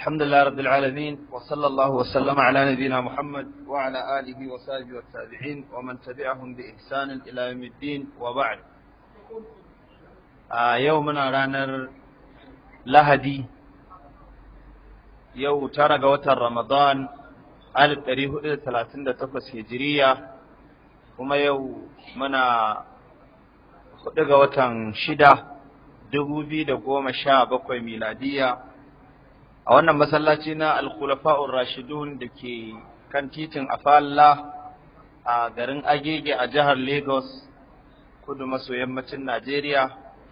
الحمد لله رب العالمين وصلى الله وسلم على نبينا محمد وعلى آله وصحبه والتابعين ومن تبعهم بإحسان إلى يوم الدين وبعد آه يومنا رانر لهدي يو ترى وتر رمضان ألف تاريخ ثلاثين تقص هجرية وما يو منا خدق وتن شدة دبوبي دقوم شابق ميلادية a wannan masallaci na alkhulafa'ur rashidun da ke kan titin afalla a garin agege a jihar lagos kudu maso yammacin najeriya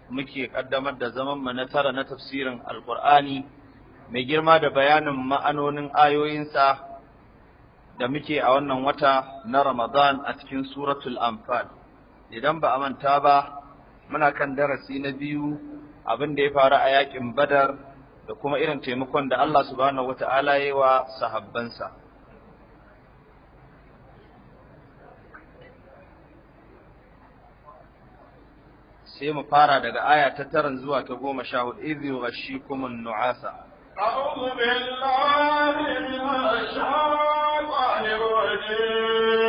muke kaddamar da zaman mu na tara na tafsirin alkur'ani mai girma da bayanin ma'anonin ayoyinsa da muke a wannan wata na ramadan a cikin suratul anfal idan ba a manta ba muna kan darasi na biyu abin da ya faru a yakin badar da kuma irin taimakon da Allah subhanahu wata'ala ya yi wa sahabbansa sai mu fara daga aya ta taran zuwa ta goma sha hudu idh an-nu'asa أعوذ بالله من الشيطان الرجيم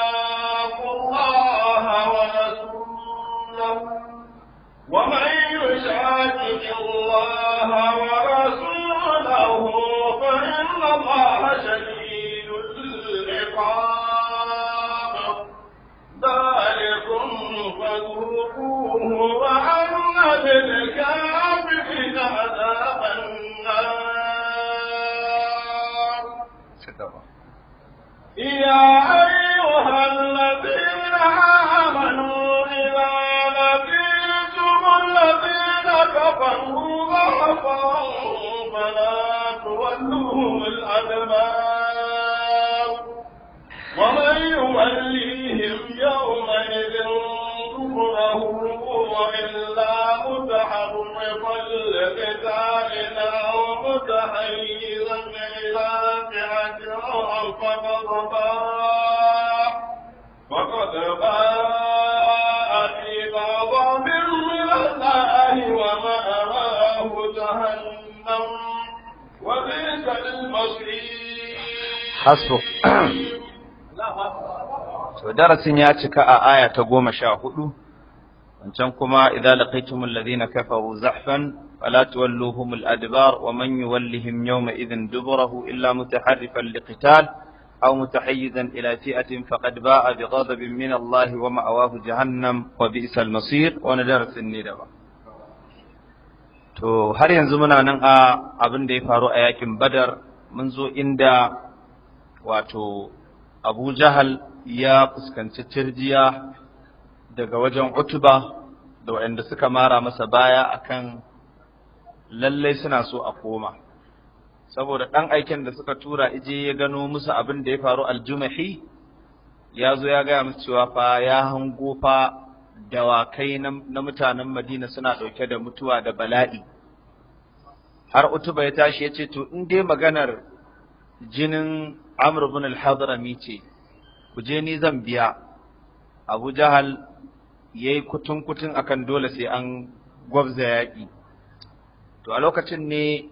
يا أيها الذين آمنوا إذا لقيتم الذين كفروا ضعفا فلا تولوهم الأدبار ومن يوليهم يومئذ دبره إلا متحرفا لقتال أو متحيزا حسبك ودرس ياتك آية تقوم شاهدوا أن تنكما إذا لقيتم الذين كفروا زحفا فلا تولوهم الأدبار ومن يولهم يومئذ دبره إلا متحرفا لقتال أو متحيزا إلى فئة فقد باء بغضب من الله ومأواه جهنم وبئس المصير وندرس الندبة to har yanzu muna nan a abin da ya faru a yakin badar mun zo inda wato abu jahal ya fuskanci tirjiya daga wajen utuba da waɗanda suka mara masa baya akan lallai suna so a koma saboda ɗan aikin da suka tura ije ya gano musu abin da ya faru aljumahi ya zo ya gaya musu cewa fa ya hango fa dawakai na mutanen madina suna ɗauke da mutuwa da bala'i har utuba ya tashi ya ce to in dai maganar jinin amr ibn al-hadrami ce ku je ni zan biya abu jahal yayi kutun kutun akan dole sai an gwabza yaƙi to a lokacin ne